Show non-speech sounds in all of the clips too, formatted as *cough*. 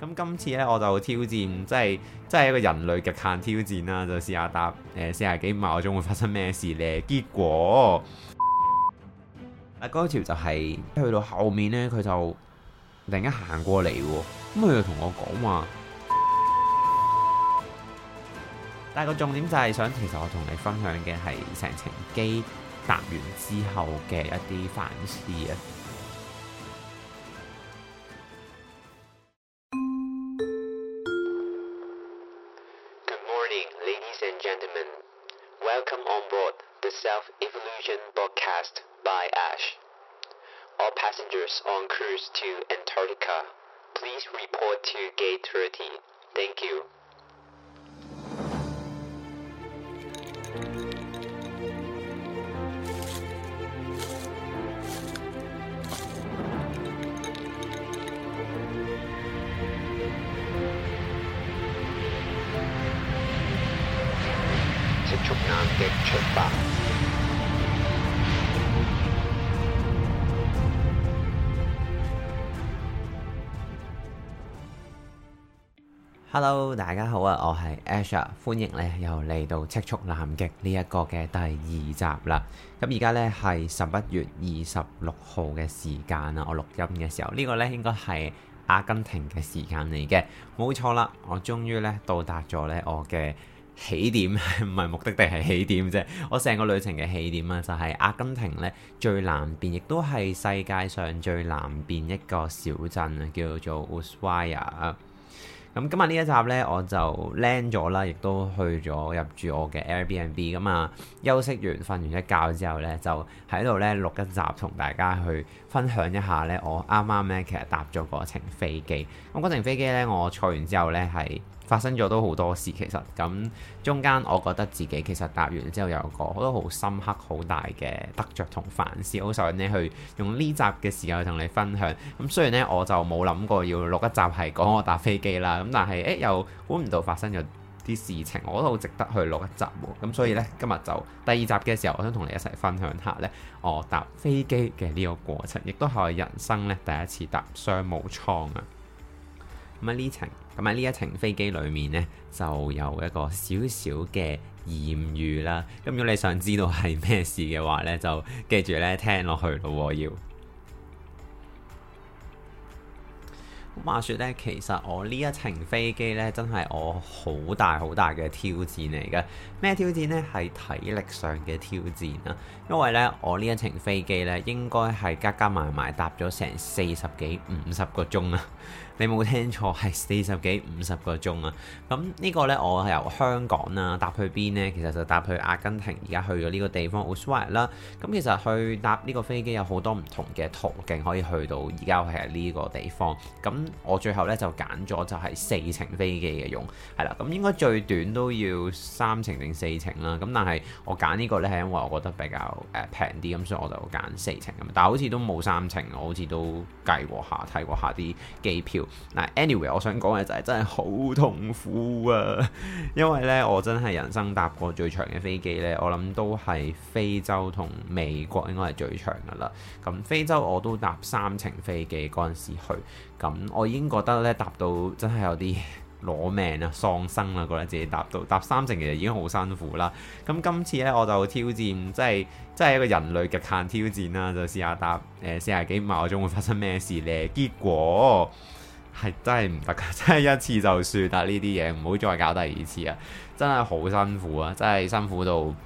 咁今次呢，我就挑戰，即係即係一個人類極限挑戰啦，就試下搭誒四廿幾五啊鐘會發生咩事呢？結果啊高潮就係一去到後面呢，佢就突然間行過嚟喎，咁佢就同我講話。但係個重點就係想，其實我同你分享嘅係成程機搭完之後嘅一啲反思。極速 Hello 大家好啊，我係 Ash 歡迎咧，又嚟到《彳亍南極》呢一個嘅第二集啦。咁而家咧，係十一月二十六號嘅時間啊，我錄音嘅時候，這個、呢個咧，應該係阿根廷嘅時間嚟嘅，冇錯啦。我終於咧到達咗咧我嘅。起點係唔係目的地係起點啫，我成個旅程嘅起點啊就係阿根廷咧最南邊，亦都係世界上最南邊一個小鎮啊，叫做 Ushuaia。咁、嗯、今日呢一集呢，我就 land 咗啦，亦都去咗入住我嘅 Airbnb、嗯。咁、嗯、啊，休息完瞓完一覺之後呢，就喺度呢錄一集，同大家去分享一下呢。我啱啱呢，其實搭咗嗰程飛機，咁、那、嗰、個、程飛機呢，我坐完之後呢，係。發生咗都好多事，其實咁中間，我覺得自己其實搭完之後有個好多好深刻、好大嘅得着同反思，好想呢去用呢集嘅時候同你分享。咁雖然呢，我就冇諗過要錄一集係講我搭飛機啦，咁但係誒、欸、又估唔到發生咗啲事情，我都好值得去錄一集喎。咁所以呢，今日就第二集嘅時候，我想同你一齊分享下呢，我搭飛機嘅呢個過程，亦都係人生呢第一次搭商務艙啊。咁啊，呢程～咁喺呢一程飛機裏面呢，就有一個小小嘅艷遇啦。咁、嗯、如果你想知道係咩事嘅話呢，就記住咧聽落去咯要。咁話說咧，其實我呢一程飛機呢，真係我好大好大嘅挑戰嚟嘅。咩挑戰呢？係體力上嘅挑戰啊！因為呢，我呢一程飛機呢，應該係加加埋埋搭咗成四十幾五十個鐘啊！你冇聽錯，係四十幾五十個鐘啊！咁呢個呢，我係由香港啊搭去邊呢？其實就搭去阿根廷，而家去咗呢個地方烏蘇瑞啦。咁其實去搭呢個飛機有好多唔同嘅途徑可以去到，而家係呢個地方。咁我最後呢，就揀咗就係四程飛機嘅用，係啦。咁應該最短都要三程定四程啦。咁但係我揀呢個呢，係因為我覺得比較誒平啲，咁所以我就揀四程咁。但係好似都冇三程，我好似都計過下睇過下啲機票。anyway 我想講嘅就係、是、真係好痛苦啊！ *laughs* 因為呢，我真係人生搭過最長嘅飛機呢，我諗都係非洲同美國應該係最長噶啦。咁非洲我都搭三程飛機嗰陣時去，咁我已經覺得呢，搭到真係有啲攞命啊，喪生啦，啊，覺得自己搭到搭三程其實已經好辛苦啦。咁今次呢，我就挑戰，即係即係一個人類極限挑戰啦，啊，就試下搭誒、呃、四十幾五十個鐘會發生咩事呢？結果～係真係唔得噶，真係一次就算啦。呢啲嘢唔好再搞第二次啊！真係好辛苦啊，真係辛苦到～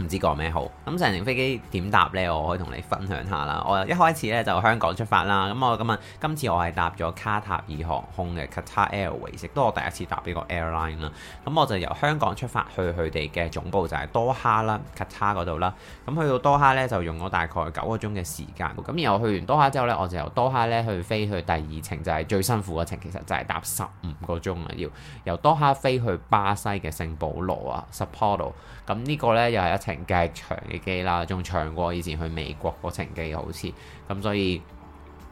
唔知講咩好，咁成程飛機點搭呢？我可以同你分享下啦。我一開始呢，就香港出發啦，咁我今日今次我係搭咗卡塔爾航空嘅 Qatar Airways，亦都我第一次搭呢個 airline 啦。咁我就由香港出發去佢哋嘅總部就係多哈啦 Qatar 嗰度啦。咁去到多哈呢，就用咗大概九個鐘嘅時間。咁然後去完多哈之後呢，我就由多哈呢去飛去第二程就係最辛苦嘅程，其實就係搭十五個鐘啊，要由多哈飛去巴西嘅聖保羅啊，Sapado。咁呢個呢，又係一程。成計長嘅機啦，仲長過以前去美國嗰程機好似，咁所以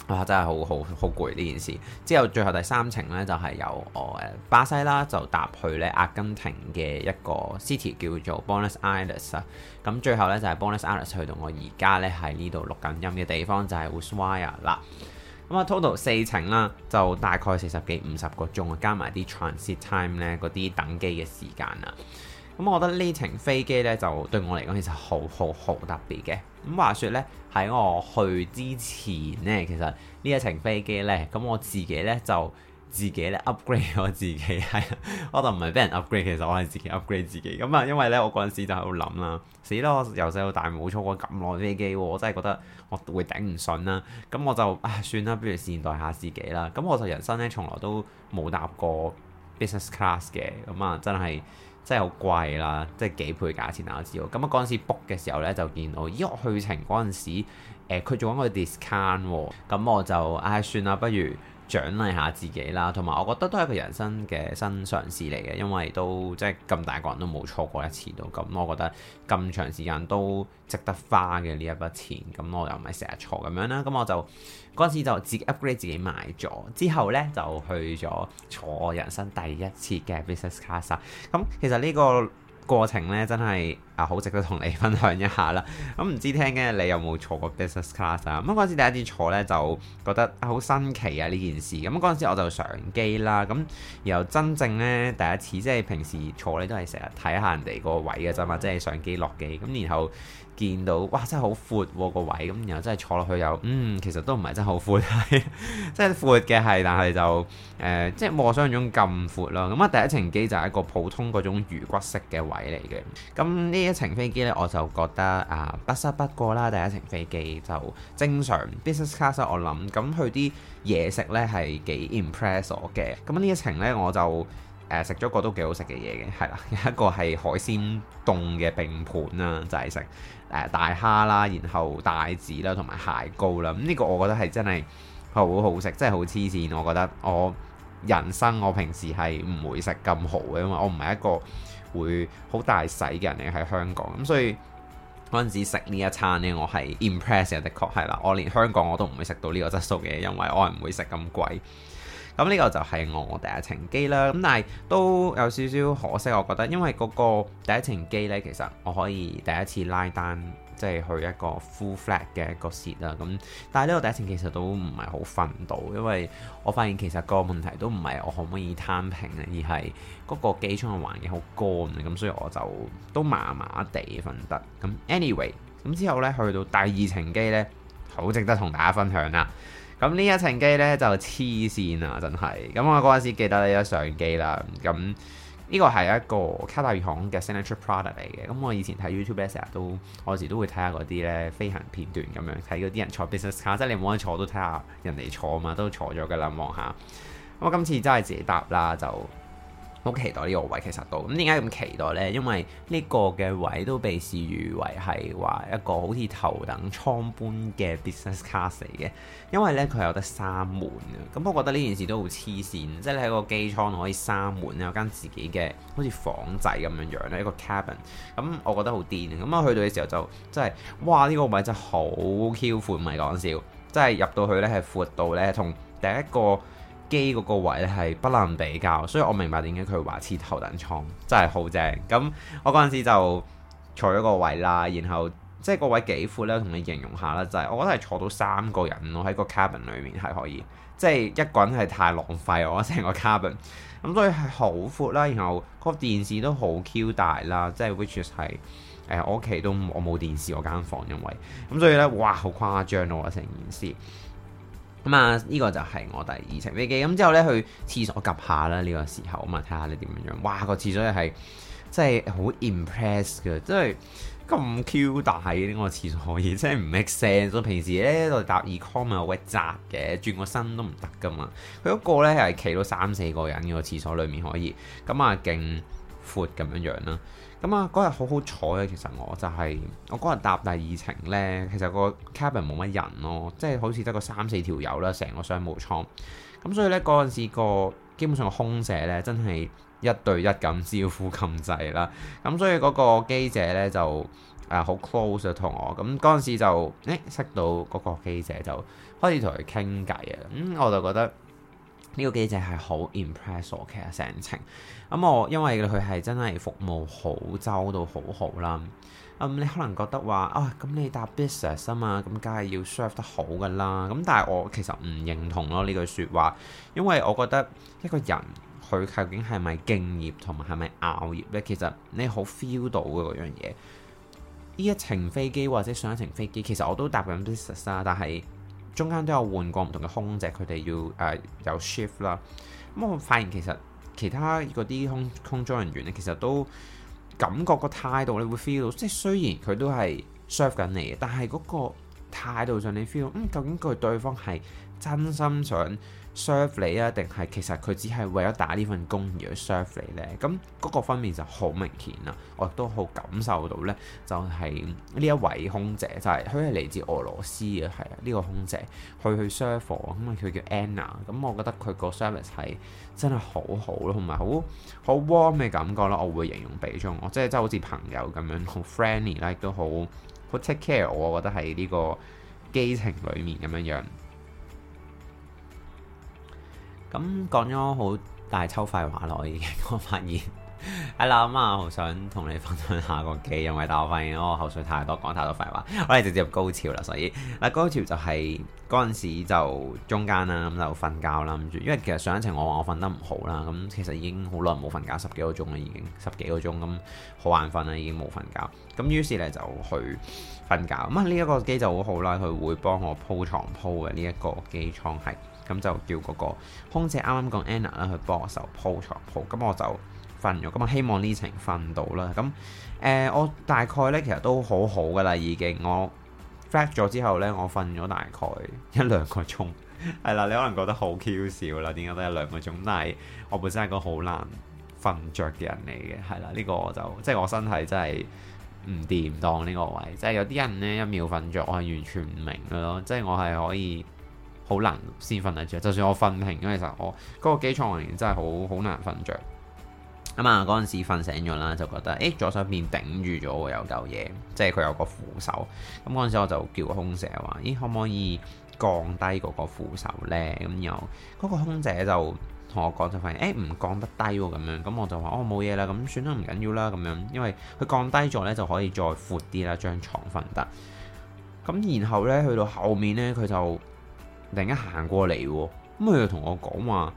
啊，真係好好好攰呢件事。之後最後第三程呢，就係、是、由我巴西啦，就搭去咧阿根廷嘅一個 city 叫做 Buenos Aires 啦。咁最後呢，就係、是、Buenos Aires 去到我而家呢，喺呢度錄緊音嘅地方就係 Ushuaia 啦。咁啊 total 四程啦，就大概四十幾五十個鐘，加埋啲 transit time 呢，嗰啲等機嘅時間啊。咁，我覺得呢程飛機呢，就對我嚟講其實好好好特別嘅。咁話說呢，喺我去之前呢，其實呢一程飛機呢，咁我自己呢，就自己呢 upgrade 我自己係， *laughs* *laughs* 我就唔係俾人 upgrade，其實我係自己 upgrade 自己咁啊。因為呢，我嗰陣時就喺度諗啦，死啦！我由細到大冇坐過咁耐飛機喎，我真係覺得我會頂唔順啦。咁我就啊算啦，不如善待下自己啦。咁我就人生呢，從來都冇搭過 business class 嘅，咁啊真係。真係好貴啦，即係幾倍價錢，啊，大家知道，咁啊嗰陣時 book 嘅時候呢，就見到，咦，我去程嗰陣時，誒佢做緊個 discount 喎、啊。咁我就唉、哎、算啦，不如獎勵下自己啦，同埋我覺得都係一個人生嘅新嘗試嚟嘅，因為都即係咁大個人都冇錯過一次到，咁、嗯、我覺得咁長時間都值得花嘅呢一筆錢，咁、嗯、我又唔係成日錯咁樣啦，咁、嗯、我就嗰陣時就自己 upgrade 自己買咗，之後呢就去咗坐人生第一次嘅 business class、嗯、咁其實呢、呢個。過程咧真係啊，好值得同你分享一下啦。咁唔知聽嘅你有冇坐過 business class 啊？咁嗰陣時第一次坐呢，就覺得好新奇啊呢件事。咁嗰陣時我就上機啦。咁然後真正呢，第一次即係平時坐咧都係成日睇下人哋個位嘅啫嘛，即係上機落機。咁然後。見到哇真係好闊、啊那個位咁，然後真係坐落去又嗯，其實都唔係真係好闊，係 *laughs* 真係闊嘅係，但係就誒、呃、即係冇我想象中咁闊咯、啊。咁啊第一程機就係一個普通嗰種魚骨式嘅位嚟嘅。咁呢一程飛機呢，我就覺得啊不失不過啦。第一程飛機就正常 *laughs* business class、啊、我諗咁佢啲嘢食呢係幾 impress 我嘅。咁呢一程呢，我就。誒食咗個都幾好食嘅嘢嘅，係啦，有一個係海鮮凍嘅拼盤啦，就係食誒大蝦啦，然後帶子啦，同埋蟹膏啦。咁、這、呢個我覺得係真係好好食，真係好黐線。我覺得我人生我平時係唔會食咁好嘅，因為我唔係一個會好大使嘅人嚟喺香港。咁所以嗰陣時食呢一餐呢，我係 impress 嘅，的確係啦。我連香港我都唔會食到呢個質素嘅，因為我唔會食咁貴。咁呢個就係我第一程機啦，咁但係都有少少可惜，我覺得，因為嗰個第一程機呢，其實我可以第一次拉單，即係去一個 full flat 嘅一個 seat 啦，咁，但係呢個第一程其實都唔係好瞓到，因為我發現其實個問題都唔係我可唔可以攤平咧，而係嗰個機艙嘅環境好乾，咁所以我就都麻麻地瞓得。咁 anyway，咁之後呢，去到第二程機呢，好值得同大家分享啦。咁呢一程機咧就黐線啊，真係！咁我嗰陣時記得有相機啦，咁呢個係一個卡塔爾航空嘅 signature product 嚟嘅。咁我以前睇 YouTube 成日都，我時都會睇下嗰啲咧飛行片段咁樣，睇嗰啲人坐 business class 即係你冇得坐都睇下人哋坐啊嘛，都坐咗嘅啦，望下。咁我今次真係自己搭啦，就～好期待呢個位，其實都咁點解咁期待呢？因為呢個嘅位都被視譽為係話一個好似頭等艙般嘅 business class 嚟嘅，因為呢，佢有得閂門啊！咁我覺得呢件事都好黐線，即係你喺個機艙可以閂門有間自己嘅好似房仔咁樣樣咧，一個 cabin、嗯。咁我覺得好癲啊！咁我去到嘅時候就真係哇，呢、呢個位真係好 q 闊，唔係講笑，真係入到去呢，係闊到呢，同第一個。機嗰個位咧係不能比較，所以我明白點解佢話似頭等艙真係好正。咁我嗰陣時就坐咗個位啦，然後即係個位幾闊咧，同你形容下啦，就係、是、我覺得係坐到三個人咯喺個 cabin 裏面係可以，即係一個人係太浪費我成個 cabin。咁所以係好闊啦，然後個電視都好 Q 大啦，即係 which is 係誒我屋企都我冇電視嗰間房，因為咁所以咧哇好誇張咯，成件事。嘛，呢、嗯呢個就係我第二程飛機咁之後呢，去廁所 𥄫 下啦呢個時候啊嘛，睇下你點樣樣。哇，這個廁所又係即係好 impress 嘅，即係咁 Q 大呢、呢個廁所可以，即係唔 make sense。我平時呢，就搭 economy 咪好鬼窄嘅，轉個身都唔得噶嘛。佢、這、嗰個咧係企到三四個人嘅廁、這個、所裏面可以，咁啊勁闊咁樣樣啦。咁啊，嗰日好好彩啊！其實我就係、是、我嗰日搭第二程呢，其實個 cabin 冇乜人咯、啊，即係好似得個三四條友啦，成個商務艙。咁所以呢，嗰陣時、那個基本上空姐呢，真係一對一咁招呼咁滯啦。咁所以嗰個機姐呢，就誒好 close 啊，同、呃、我。咁嗰陣時就誒、欸、識到嗰個機姐就開始同佢傾偈啊。咁、嗯、我就覺得。呢個記者係好 impress 我其實成程。咁、嗯、我因為佢係真係服務好周到，好好啦。咁、嗯、你可能覺得話啊，咁、哦、你搭 business 啊嘛，咁梗係要 serve 得好噶啦。咁、嗯、但係我其實唔認同咯呢句説話，因為我覺得一個人佢究竟係咪敬業同埋係咪熬業呢，其實你好 feel 到嘅嗰樣嘢。呢一程飛機或者上一程飛機，其實我都搭緊 business 啦。但係。中間都有換過唔同嘅空姐，佢哋要誒、呃、有 shift 啦。咁我發現其實其他嗰啲空空中人員咧，其實都感覺個態度，你會 feel 到，即係雖然佢都係 shift 緊你嘅，但係嗰個態度上你到，你 feel 嗯，究竟佢對，對方係真心想 serve 你啊，定係其實佢只係為咗打呢份工而去 serve 你呢？咁嗰個方面就好明顯啦，我亦都好感受到呢，就係呢一位空姐就係佢係嚟自俄羅斯嘅，係啊，呢、呢個空姐佢去 serve 我咁啊，佢叫 Anna，咁我覺得佢個 service 係真係好好咯，同埋好好 warm 嘅感覺啦，我會形容比中，我即係真係好似朋友咁樣好 friendly 啦、like,，亦都好好 take care，我覺得喺呢個機程裡面咁樣樣。.咁講咗好大抽廢話喇，我已經我發現係啦，咁 *laughs* 啊好想同你分享下個機，因為但我發現我口水太多，講太多廢話，我哋直接入高潮啦。所以嗱，高潮就係嗰陣時就中間啦，咁就瞓覺啦。咁因為其實上一程我我瞓得唔好啦，咁其實已經好耐冇瞓覺十幾個鐘啦，已經十幾個鐘咁好眼瞓啦，已經冇瞓覺。咁於是咧就去瞓覺。咁啊呢一個機就好好啦，佢會幫我鋪床鋪嘅呢一個機艙係。咁就叫嗰個空姐啱啱講 Anna 啦，去幫我手鋪床鋪。咁我就瞓咗。咁我希望呢程瞓到啦。咁誒、呃，我大概呢，其實都好好噶啦，已經。我 flex 咗之後呢，我瞓咗大概一兩個鐘。係 *laughs* 啦，你可能覺得好 q 少啦，點解得一兩個鐘？但係我本身係個好難瞓着嘅人嚟嘅，係啦。呢、這個我就即係我身體真係唔掂當呢個位。即係有啲人呢一秒瞓着，我係完全唔明嘅咯。即係我係可以。好難先瞓得着，就算我瞓平咁，其實我嗰個機艙環境真係好好難瞓着。咁、嗯、啊，嗰陣時瞓醒咗啦，就覺得誒、欸、左手邊頂住咗喎，有嚿嘢，即係佢有個扶手。咁嗰陣時我就叫空姐話：，咦、欸，可唔可以降低嗰個扶手呢？」咁又嗰個空姐就同我講，就發現誒唔降得低喎、啊，咁樣咁我就話：，哦，冇嘢啦，咁算啦，唔緊要啦，咁樣因為佢降低咗呢，就可以再闊啲啦，張床瞓得。咁然後呢，去到後面呢，佢就。突然間行過嚟，咁佢就同我講話：，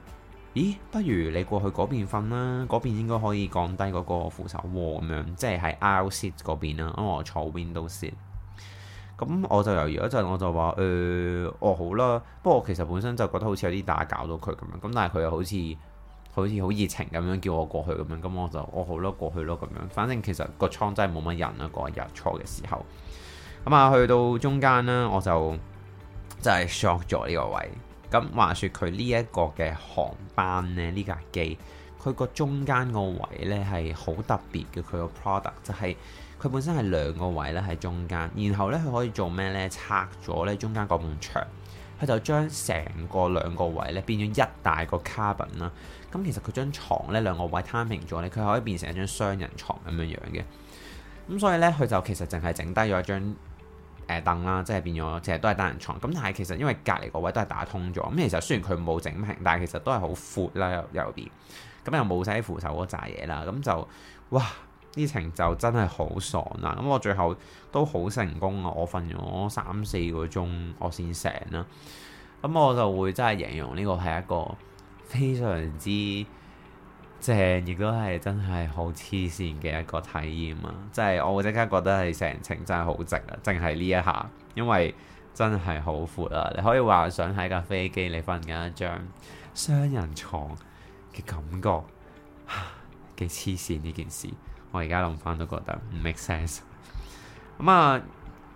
咦，不如你過去嗰邊瞓啦，嗰邊應該可以降低嗰個扶手喎咁樣，即係喺 out seat 嗰邊啦，因為我坐 window seat。咁我就猶豫一陣，我就話：，誒、呃，我好啦。不過我其實本身就覺得好似有啲打攪到佢咁樣，咁但係佢又好似好似好熱情咁樣叫我過去咁樣，咁我就：，我好啦，過去咯咁樣。反正其實個艙真係冇乜人啊，嗰日坐嘅時候。咁啊，去到中間呢，我就。就係縮咗呢個位。咁話說佢呢一個嘅航班呢，呢架機佢個中間個位呢係好特別嘅。佢個 product 就係，佢本身係兩個位咧，喺中間，然後呢，佢可以做咩呢？拆咗呢中間嗰埲牆，佢就將成個兩個位呢變咗一大個 carbon 啦。咁其實佢張床呢，兩個位攤平咗呢，佢可以變成一張雙人床咁樣樣嘅。咁所以呢，佢就其實淨係整低咗一張。誒凳啦，即係變咗，其實都係單人床。咁但係其實因為隔離個位都係打通咗，咁其實雖然佢冇整平，但係其實都係好闊啦，右邊。咁又冇西扶手嗰扎嘢啦，咁就，哇，呢程就真係好爽啦。咁我最後都好成功啊！我瞓咗三四個鐘，我先醒啦。咁我就會真係形容呢個係一個非常之～正，亦都係真係好黐線嘅一個體驗啊！即係我會即刻覺得係成程真係好值啊，淨係呢一下，因為真係好闊啊。你可以話想喺架飛機你瞓緊一張雙人床嘅感覺，幾黐線呢件事？我而家諗翻都覺得唔 make sense。咁 *laughs* 啊，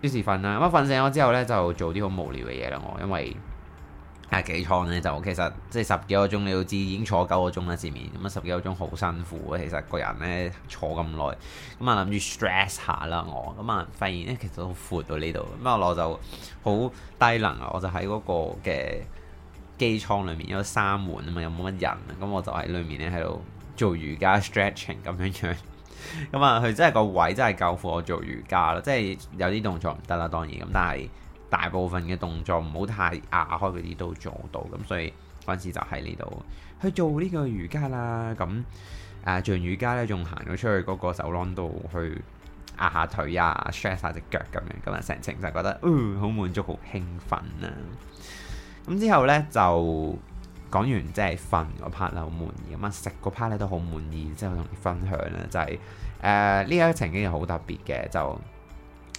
於是瞓啦。咁啊，瞓醒咗之後呢，就做啲好無聊嘅嘢啦，我因為。喺機艙咧就其實即係十幾個鐘，你都知已經坐九個鐘啦，前面咁啊十幾個鐘好辛苦啊，其實個人咧坐咁耐，咁啊諗住 stress 下啦我，咁啊發現咧其實好闊到呢度，咁啊我就好低能啊，我就喺嗰個嘅機艙裏面，有三門啊嘛，又冇乜人，咁我就喺裏面咧喺度做瑜伽 stretching 咁樣樣，咁啊佢真係個位真係夠闊我做瑜伽啦，即係有啲動作唔得啦，當然咁，但係。大部分嘅動作唔好太壓開嗰啲都做到，咁所以嗰陣時就喺呢度去做呢個瑜伽啦。咁誒做完瑜伽咧，仲行咗出去嗰個走廊度去壓下腿啊、stretch 下隻腳咁樣。咁啊，成程就覺得嗯好、呃、滿足、好興奮啦、啊。咁之後咧就講完即係瞓個 part 好滿意，咁啊食個 part 咧都好滿意，之後同你分享啦。就係誒呢一情景又好特別嘅就。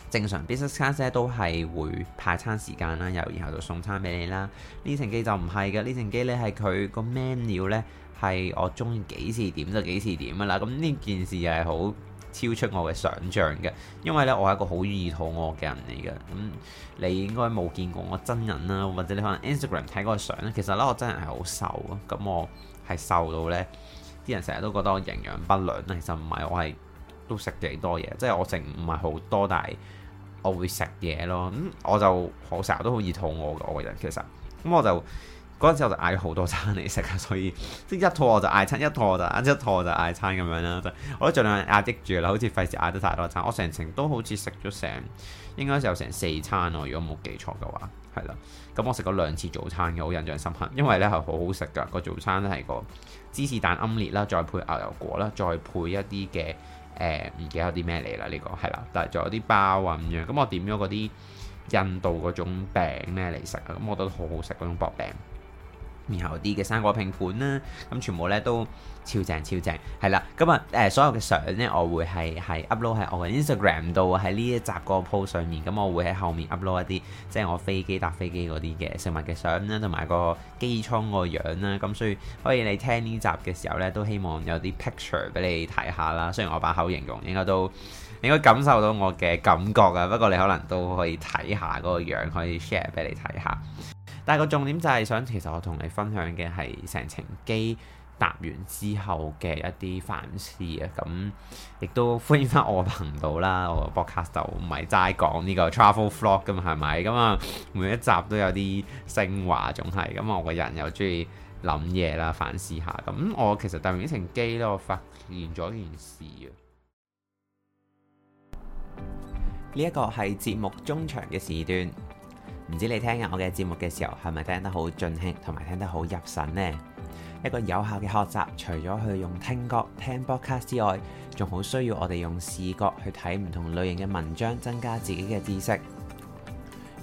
正常 business class 都係會派餐時間啦，又然後就送餐俾你啦。呢程機就唔係嘅，呢程機咧係佢個 menu 咧係我中意幾時點就幾時點噶啦。咁呢件事係好超出我嘅想象嘅，因為咧我係一個好易肚餓嘅人嚟嘅。咁你應該冇見過我真人啦，或者你可能 Instagram 睇過相咧。其實咧我真人係好瘦啊，咁我係瘦到咧啲人成日都覺得我營養不良啦。其實唔係，我係都食幾多嘢，即係我食唔係好多，但係我會食嘢咯，咁我就好成日都好易肚餓㗎我個人其實。咁我就嗰陣時候我就嗌好多餐嚟食啊，所以即一肚餓就嗌餐，一肚就一肚就嗌餐咁樣啦，就我都儘量壓迫住啦，好似費事嗌得太多餐，我成程都好似食咗成應該有成四餐咯，如果冇記錯嘅話，係啦，咁我食過兩次早餐嘅好印象深刻，因為呢係好好食㗎，個早餐呢係個芝士蛋奄列啦，再配牛油果啦，再配一啲嘅。誒唔、嗯、記得有啲咩嚟啦，呢、這個係啦，但係仲有啲包啊咁樣，咁我點咗嗰啲印度嗰種餅咧嚟食啊，咁我覺得好好食嗰種薄餅，然後啲嘅生果拼盤啦，咁全部咧都～超正超正，係啦，咁啊，誒、呃，所有嘅相呢，我會係係 upload 喺我嘅 Instagram 度，喺呢一集個 post 上面，咁我會喺後面 upload 一啲，即係我飛機搭飛機嗰啲嘅食物嘅相啦，同埋個機艙個樣啦，咁所以可以你聽呢集嘅時候呢，都希望有啲 picture 俾你睇下啦。雖然我把口形容應該都，應該都應該感受到我嘅感覺啊，不過你可能都可以睇下嗰、那個樣，可以 share 俾你睇下。但係個重點就係想，其實我同你分享嘅係成程機。答完之後嘅一啲反思啊，咁亦都歡迎翻我頻道啦。我 podcast 就唔係齋講呢個 travel vlog 噶嘛，係咪咁啊？每一集都有啲昇華，仲係咁啊！我個人又中意諗嘢啦，反思下。咁我其實突然之間機我發現咗件事啊。呢一個係節目中場嘅時段，唔知你聽我嘅節目嘅時候係咪聽得好盡興，同埋聽得好入神呢？一個有效嘅學習，除咗去用聽覺聽 podcast 之外，仲好需要我哋用視覺去睇唔同類型嘅文章，增加自己嘅知識。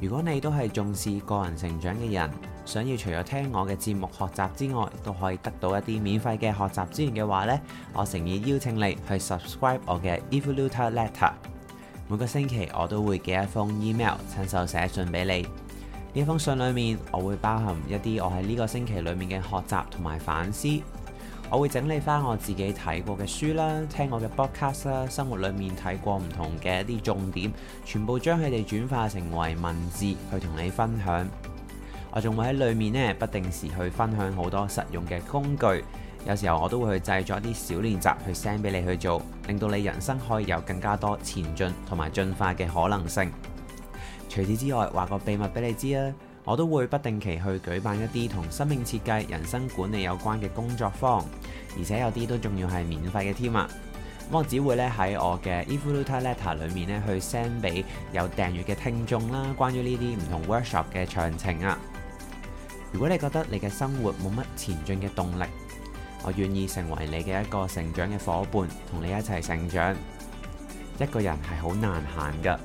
如果你都係重視個人成長嘅人，想要除咗聽我嘅節目學習之外，都可以得到一啲免費嘅學習資源嘅話呢，我誠意邀請你去 subscribe 我嘅 Evoluta letter。每個星期我都會寄一封 email 親手寫信俾你。呢封信裏面，我會包含一啲我喺呢個星期裏面嘅學習同埋反思。我會整理返我自己睇過嘅書啦，聽我嘅 podcast 啦，生活裏面睇過唔同嘅一啲重點，全部將佢哋轉化成為文字去同你分享。我仲會喺裏面呢，不定時去分享好多實用嘅工具。有時候我都會去製作一啲小練習去 send 俾你去做，令到你人生可以有更加多前進同埋進化嘅可能性。除此之外，話個秘密俾你知啊！我都會不定期去舉辦一啲同生命設計、人生管理有關嘅工作坊，而且有啲都仲要係免費嘅添啊！咁我只會咧喺我嘅 Evolution Letter 裏面咧去 send 俾有訂閲嘅聽眾啦。關於呢啲唔同 workshop 嘅詳情啊，如果你覺得你嘅生活冇乜前進嘅動力，我願意成為你嘅一個成長嘅伙伴，同你一齊成長。一個人係好難行㗎。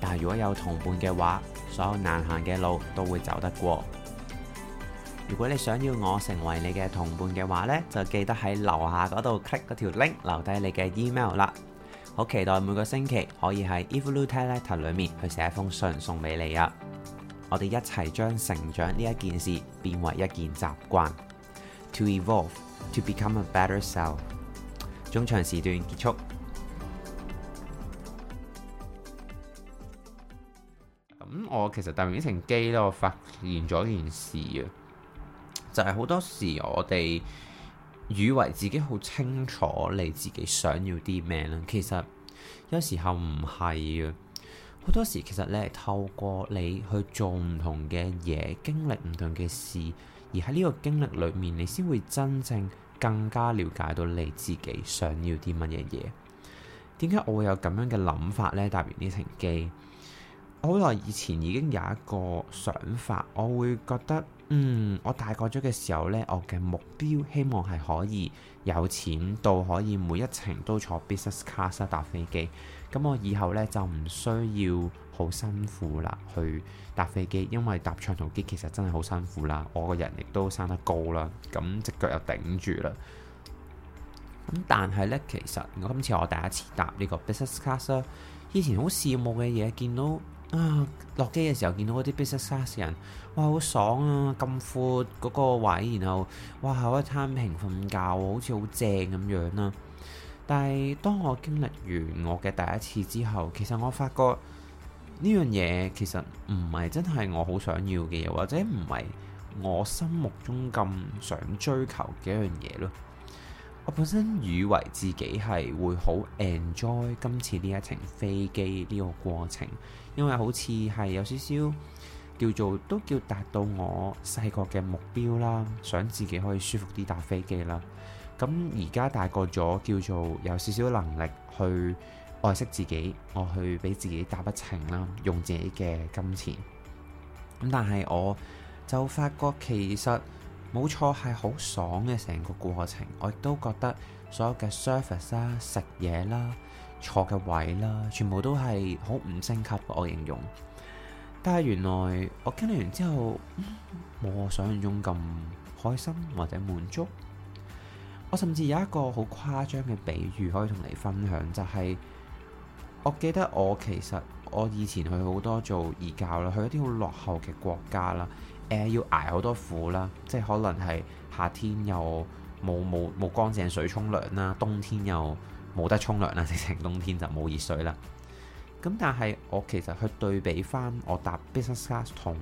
但係如果有同伴嘅話，所有難行嘅路都會走得過。如果你想要我成為你嘅同伴嘅話呢，就記得喺樓下嗰度 click 嗰條 link，留低你嘅 email 啦。好期待每個星期可以喺 Evolution Letter 裏面去寫一封信送俾你啊！我哋一齊將成長呢一件事變為一件習慣。To evolve, to become a better self。中場時段結束。咁、嗯、我其實搭完呢程機咧，我發現咗件事啊，就係、是、好多時我哋以為自己好清楚你自己想要啲咩呢，其實有時候唔係嘅。好多時其實你係透過你去做唔同嘅嘢，經歷唔同嘅事，而喺呢個經歷裏面，你先會真正更加了解到你自己想要啲乜嘢嘢。點解我會有咁樣嘅諗法呢？搭完呢程機。好耐以前已經有一個想法，我會覺得嗯，我大個咗嘅時候呢，我嘅目標希望係可以有錢到可以每一程都坐 business class、啊、搭飛機。咁我以後呢，就唔需要好辛苦啦去搭飛機，因為搭長途機其實真係好辛苦啦。我個人亦都生得高啦，咁隻腳又頂住啦。咁但係呢，其實我今次我第一次搭呢個 business class，以前好羨慕嘅嘢，見到。啊！落機嘅時候見到嗰啲 business 人，哇好爽啊！咁闊嗰個位，然後哇好一餐平瞓覺，好似好正咁樣啦。但係當我經歷完我嘅第一次之後，其實我發覺呢樣嘢其實唔係真係我好想要嘅嘢，或者唔係我心目中咁想追求嘅一樣嘢咯。我本身以為自己係會好 enjoy 今次呢一程飛機呢個過程，因為好似係有少少叫做都叫達到我細個嘅目標啦，想自己可以舒服啲搭飛機啦。咁而家大個咗，叫做有少少能力去愛惜自己，我去俾自己搭一程啦，用自己嘅金錢。咁但係我就發覺其實。冇錯，係好爽嘅成個過程，我亦都覺得所有嘅 service 啦、食嘢啦、坐嘅位啦，全部都係好五星級。我形容。但係原來我經歷完之後，冇、嗯、我想象中咁開心或者滿足。我甚至有一個好誇張嘅比喻可以同你分享，就係、是、我記得我其實我以前去好多做義教啦，去一啲好落後嘅國家啦。誒要捱好多苦啦，即係可能係夏天又冇冇冇乾淨水沖涼啦，冬天又冇得沖涼啦，成冬天就冇熱水啦。咁但係我其實去對比翻我搭 business class 同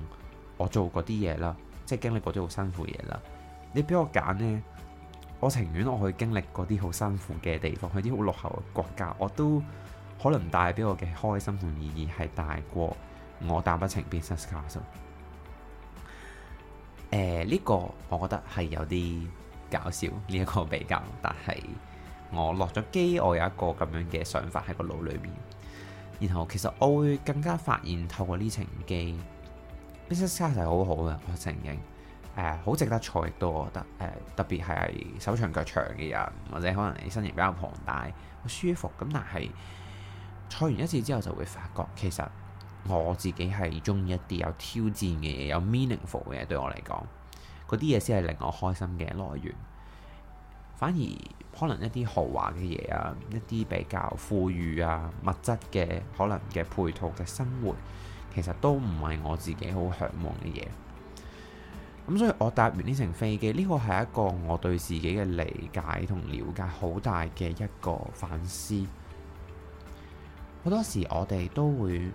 我做嗰啲嘢啦，即係經歷過啲好辛苦嘢啦。你俾我揀呢，我情願我去經歷嗰啲好辛苦嘅地方，去啲好落後嘅國家，我都可能帶俾我嘅開心同意義係大過我搭一程 business class。誒呢、嗯這個我覺得係有啲搞笑呢一、這個比較，但係我落咗機，我有一個咁樣嘅想法喺個腦裏面。然後其實我會更加發現透過呢程機，呢隻 business class 係好好嘅，我承認誒好、呃、值得坐亦都，我覺得誒、呃、特別係手長腳長嘅人，或者可能你身形比較龐大，好舒服。咁但係坐完一次之後就會發覺其實。我自己係中意一啲有挑戰嘅嘢，有 meaningful 嘅嘢，對我嚟講，嗰啲嘢先係令我開心嘅來源。反而可能一啲豪華嘅嘢啊，一啲比較富裕啊、物質嘅可能嘅配套嘅生活，其實都唔係我自己好嚮往嘅嘢。咁所以，我搭完呢程飛機，呢個係一個我對自己嘅理解同了解好大嘅一個反思。好多時，我哋都會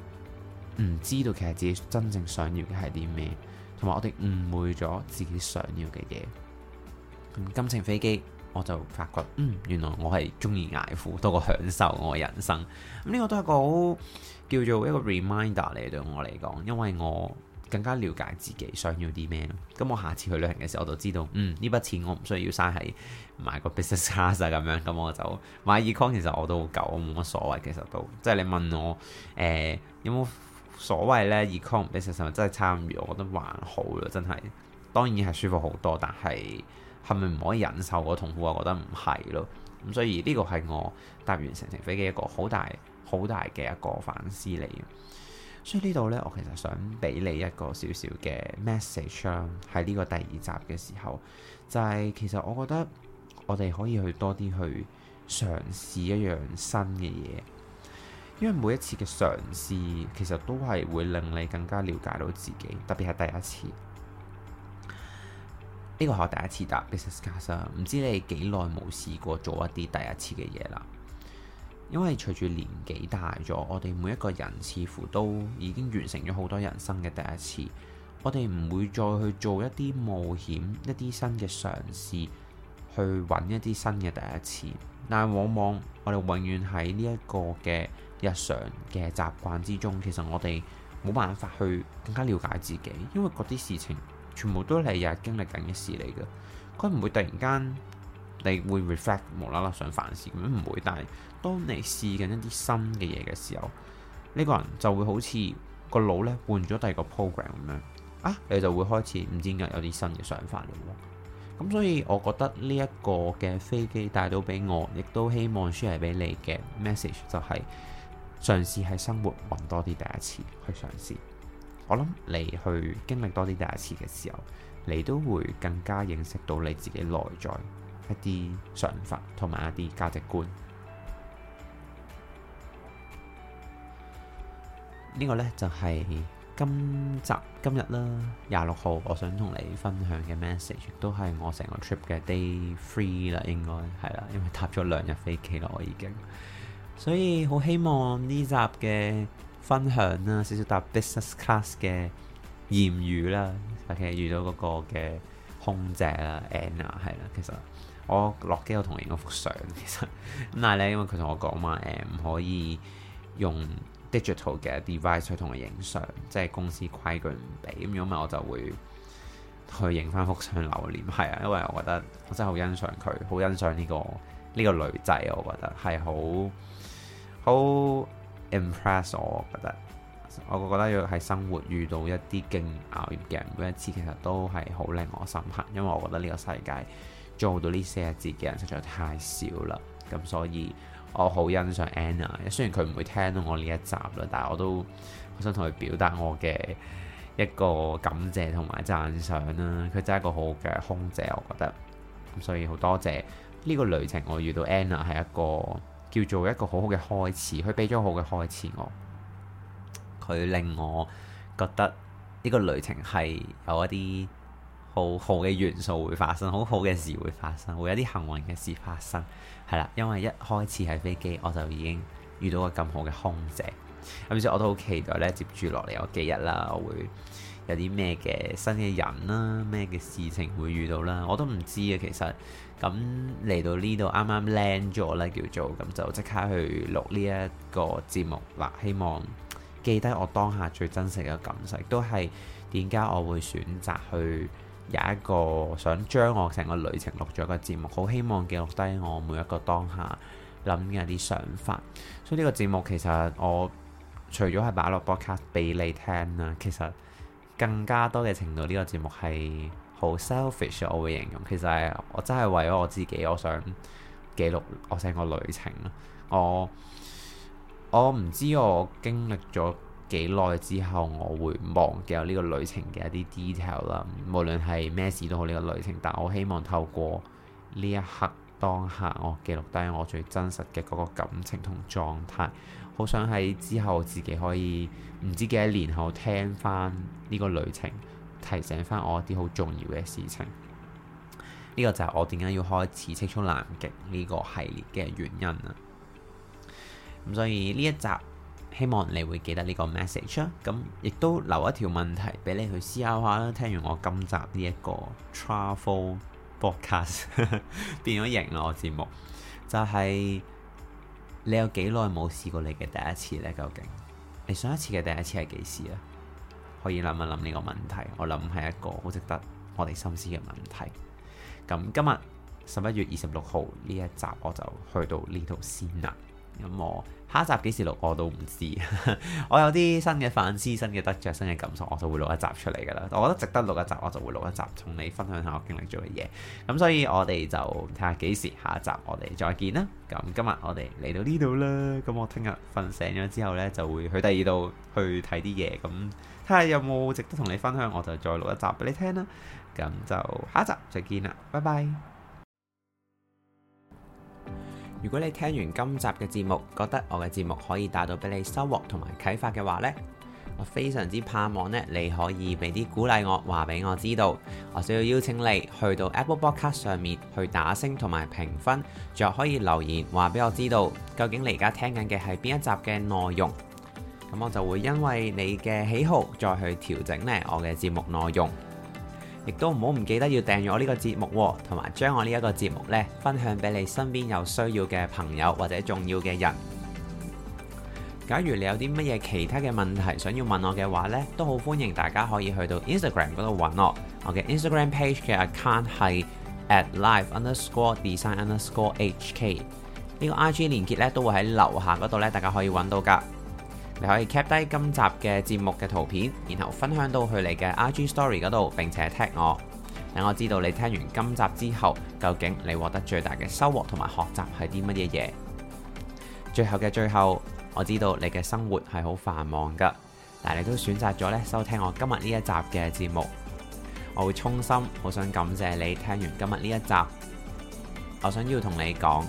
唔知道其實自己真正想要嘅係啲咩，同埋我哋誤會咗自己想要嘅嘢。咁、嗯、乘飛機，我就發覺，嗯，原來我係中意捱苦多過享受我人生。呢、嗯這個都係一個好叫做一個 reminder 嚟對我嚟講，因為我更加了解自己想要啲咩。咁我下次去旅行嘅時候，我就知道，嗯，呢筆錢我唔需要嘥喺買個 business class 咁樣。咁、嗯、我就買 Econ，其實我都好夠，我冇乜所謂。其實都即係你問我，誒、呃，有冇？所謂咧，熱控唔俾食食物真係參與，我覺得還好咯，真係當然係舒服好多，但係係咪唔可以忍受個痛苦？我覺得唔係咯，咁所以呢個係我搭完成程飛嘅一個好大好大嘅一個反思嚟嘅。所以呢度呢，我其實想俾你一個少少嘅 message 啦，喺呢個第二集嘅時候，就係、是、其實我覺得我哋可以去多啲去嘗試一樣新嘅嘢。因為每一次嘅嘗試，其實都係會令你更加了解到自己，特別係第一次呢，這個係我第一次答 business class，唔知你幾耐冇試過做一啲第一次嘅嘢啦。因為隨住年紀大咗，我哋每一個人似乎都已經完成咗好多人生嘅第一次。我哋唔會再去做一啲冒險、一啲新嘅嘗試，去揾一啲新嘅第一次。但係往往我哋永遠喺呢一個嘅。日常嘅習慣之中，其實我哋冇辦法去更加了解自己，因為嗰啲事情全部都係日日經歷緊嘅事嚟嘅。佢唔會突然間你會 reflect 無啦啦想反思，咁，唔會。但係當你試緊一啲新嘅嘢嘅時候，呢個人就會好似個腦咧換咗第二個 program 咁樣啊，你就會開始唔知點解有啲新嘅想法。咁所以，我覺得呢一個嘅飛機帶到俾我，亦都希望輸嚟俾你嘅 message 就係。嘗試喺生活搵多啲第一次去嘗試，我諗你去經歷多啲第一次嘅時候，你都會更加認識到你自己內在一啲想法同埋一啲價值觀。呢 *music* 個呢，就係、是、今集今日啦，廿六號我想同你分享嘅 message 都係我成個 trip 嘅 day three 啦，應該係啦，因為搭咗兩日飛機啦，我已經。所以好希望呢集嘅分享啦、啊，少少搭 business class 嘅艷遇啦，其實遇到嗰個嘅空姐啦，Anna 係啦，其實我落機我同影嗰幅相，其實，咁但係咧，因為佢同我講嘛，誒、呃、唔可以用 digital 嘅 device 去同佢影相，即係公司規矩唔俾，咁樣咪我就會去影翻幅相留念，係啊，因為我覺得我真係好欣賞佢，好欣賞呢、這個呢、這個女仔，我覺得係好。好 impress 我，覺得我覺得要喺生活遇到一啲勁拗嘅人，每一次其實都係好令我深刻，因為我覺得呢個世界做到呢四字嘅人實在太少啦。咁所以我好欣賞 Anna，雖然佢唔會聽到我呢一集啦，但係我都好想同佢表達我嘅一個感謝同埋讚賞啦。佢真係一個好嘅空姐，我覺得。咁所以好多謝呢、呢個旅程，我遇到 Anna 係一個。叫做一個好好嘅開始，佢俾咗好嘅開始我，佢令我覺得呢個旅程係有一啲好好嘅元素會發生，好好嘅事會發生，會有啲幸運嘅事發生，係啦，因為一開始喺飛機我就已經遇到個咁好嘅空姐，咁所以我都好期待呢，接住落嚟有幾日啦，我會有啲咩嘅新嘅人啦、啊，咩嘅事情會遇到啦、啊，我都唔知啊，其實。咁嚟到呢度啱啱 land 咗、er、啦，叫做咁就即刻去錄呢一個節目啦。希望記低我當下最真實嘅感受，亦都係點解我會選擇去有一個想將我成個旅程錄咗個節目。好希望記錄低我每一個當下諗嘅啲想法。所以呢個節目其實我除咗係擺落 podcast 俾你聽啦，其實更加多嘅程度呢個節目係。好 selfish，我會形容，其實係我真係為咗我自己，我想記錄我成個旅程。我我唔知我經歷咗幾耐之後，我會忘記呢個旅程嘅一啲 detail 啦。無論係咩事都好，呢個旅程，但我希望透過呢一刻當下，我記錄低我最真實嘅嗰個感情同狀態。好想喺之後自己可以唔知幾多年後聽翻呢個旅程。提醒翻我一啲好重要嘅事情，呢、這個就係我點解要開始彳亍南極呢個系列嘅原因啊！咁所以呢一集，希望你會記得呢個 message，咁亦都留一條問題俾你去思考下啦。聽完我今集呢一個 travel podcast *laughs* 變咗型啦，我節目就係、是、你有幾耐冇試過你嘅第一次呢？究竟你上一次嘅第一次係幾時啊？可以諗一諗呢個問題，我諗係一個好值得我哋深思嘅問題。咁今日十一月二十六號呢一集，我就去到呢度先啦。咁我下一集幾時錄我都唔知， *laughs* 我有啲新嘅反思、新嘅得着、新嘅感受，我就會錄一集出嚟㗎啦。我覺得值得錄一集，我就會錄一集，同你分享下我經歷咗嘅嘢。咁所以我哋就睇下幾時下一集，我哋再見啦。咁今日我哋嚟到呢度啦，咁我聽日瞓醒咗之後呢，就會去第二度去睇啲嘢，咁睇下有冇值得同你分享，我就再錄一集俾你聽啦。咁就下一集再見啦，拜拜。如果你聽完今集嘅節目，覺得我嘅節目可以帶到俾你收穫同埋啟發嘅話呢，我非常之盼望咧，你可以俾啲鼓勵我話俾我知道。我需要邀請你去到 Apple Podcast 上面去打星同埋評分，仲可以留言話俾我知道究竟你而家聽緊嘅係邊一集嘅內容。咁我就會因為你嘅喜好再去調整咧我嘅節目內容。亦都唔好唔記得要訂閱我呢個節目，同埋將我呢一個節目呢，分享俾你身邊有需要嘅朋友或者重要嘅人。假如你有啲乜嘢其他嘅問題想要問我嘅話呢，都好歡迎大家可以去到 Instagram 嗰度揾我。我嘅 Instagram page 嘅 account 係 at life underscore design underscore hk。呢個 IG 連結呢，都會喺樓下嗰度呢，大家可以揾到噶。你可以 cap 低今集嘅節目嘅圖片，然後分享到去你嘅 IG Story 嗰度，並且踢我，等我知道你聽完今集之後，究竟你獲得最大嘅收穫同埋學習係啲乜嘢嘢。最後嘅最後，我知道你嘅生活係好繁忙噶但你都選擇咗咧，收聽我今日呢一集嘅節目。我會衷心好想感謝你聽完今日呢一集。我想要同你講，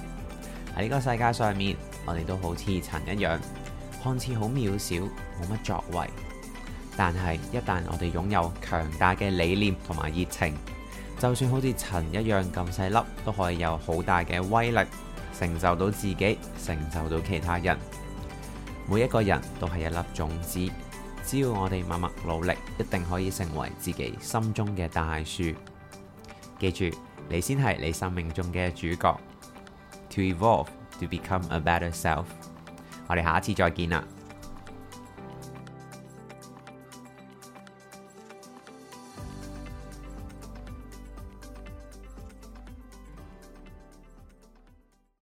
喺呢個世界上面，我哋都好似塵一樣。看似好渺小，冇乜作為，但係一旦我哋擁有強大嘅理念同埋熱情，就算好似塵一樣咁細粒，都可以有好大嘅威力，成就到自己，成就到其他人。每一個人都係一粒種子，只要我哋默默努力，一定可以成為自己心中嘅大樹。記住，你先係你生命中嘅主角。To evolve, to become a better self. 我哋下次再見啦～。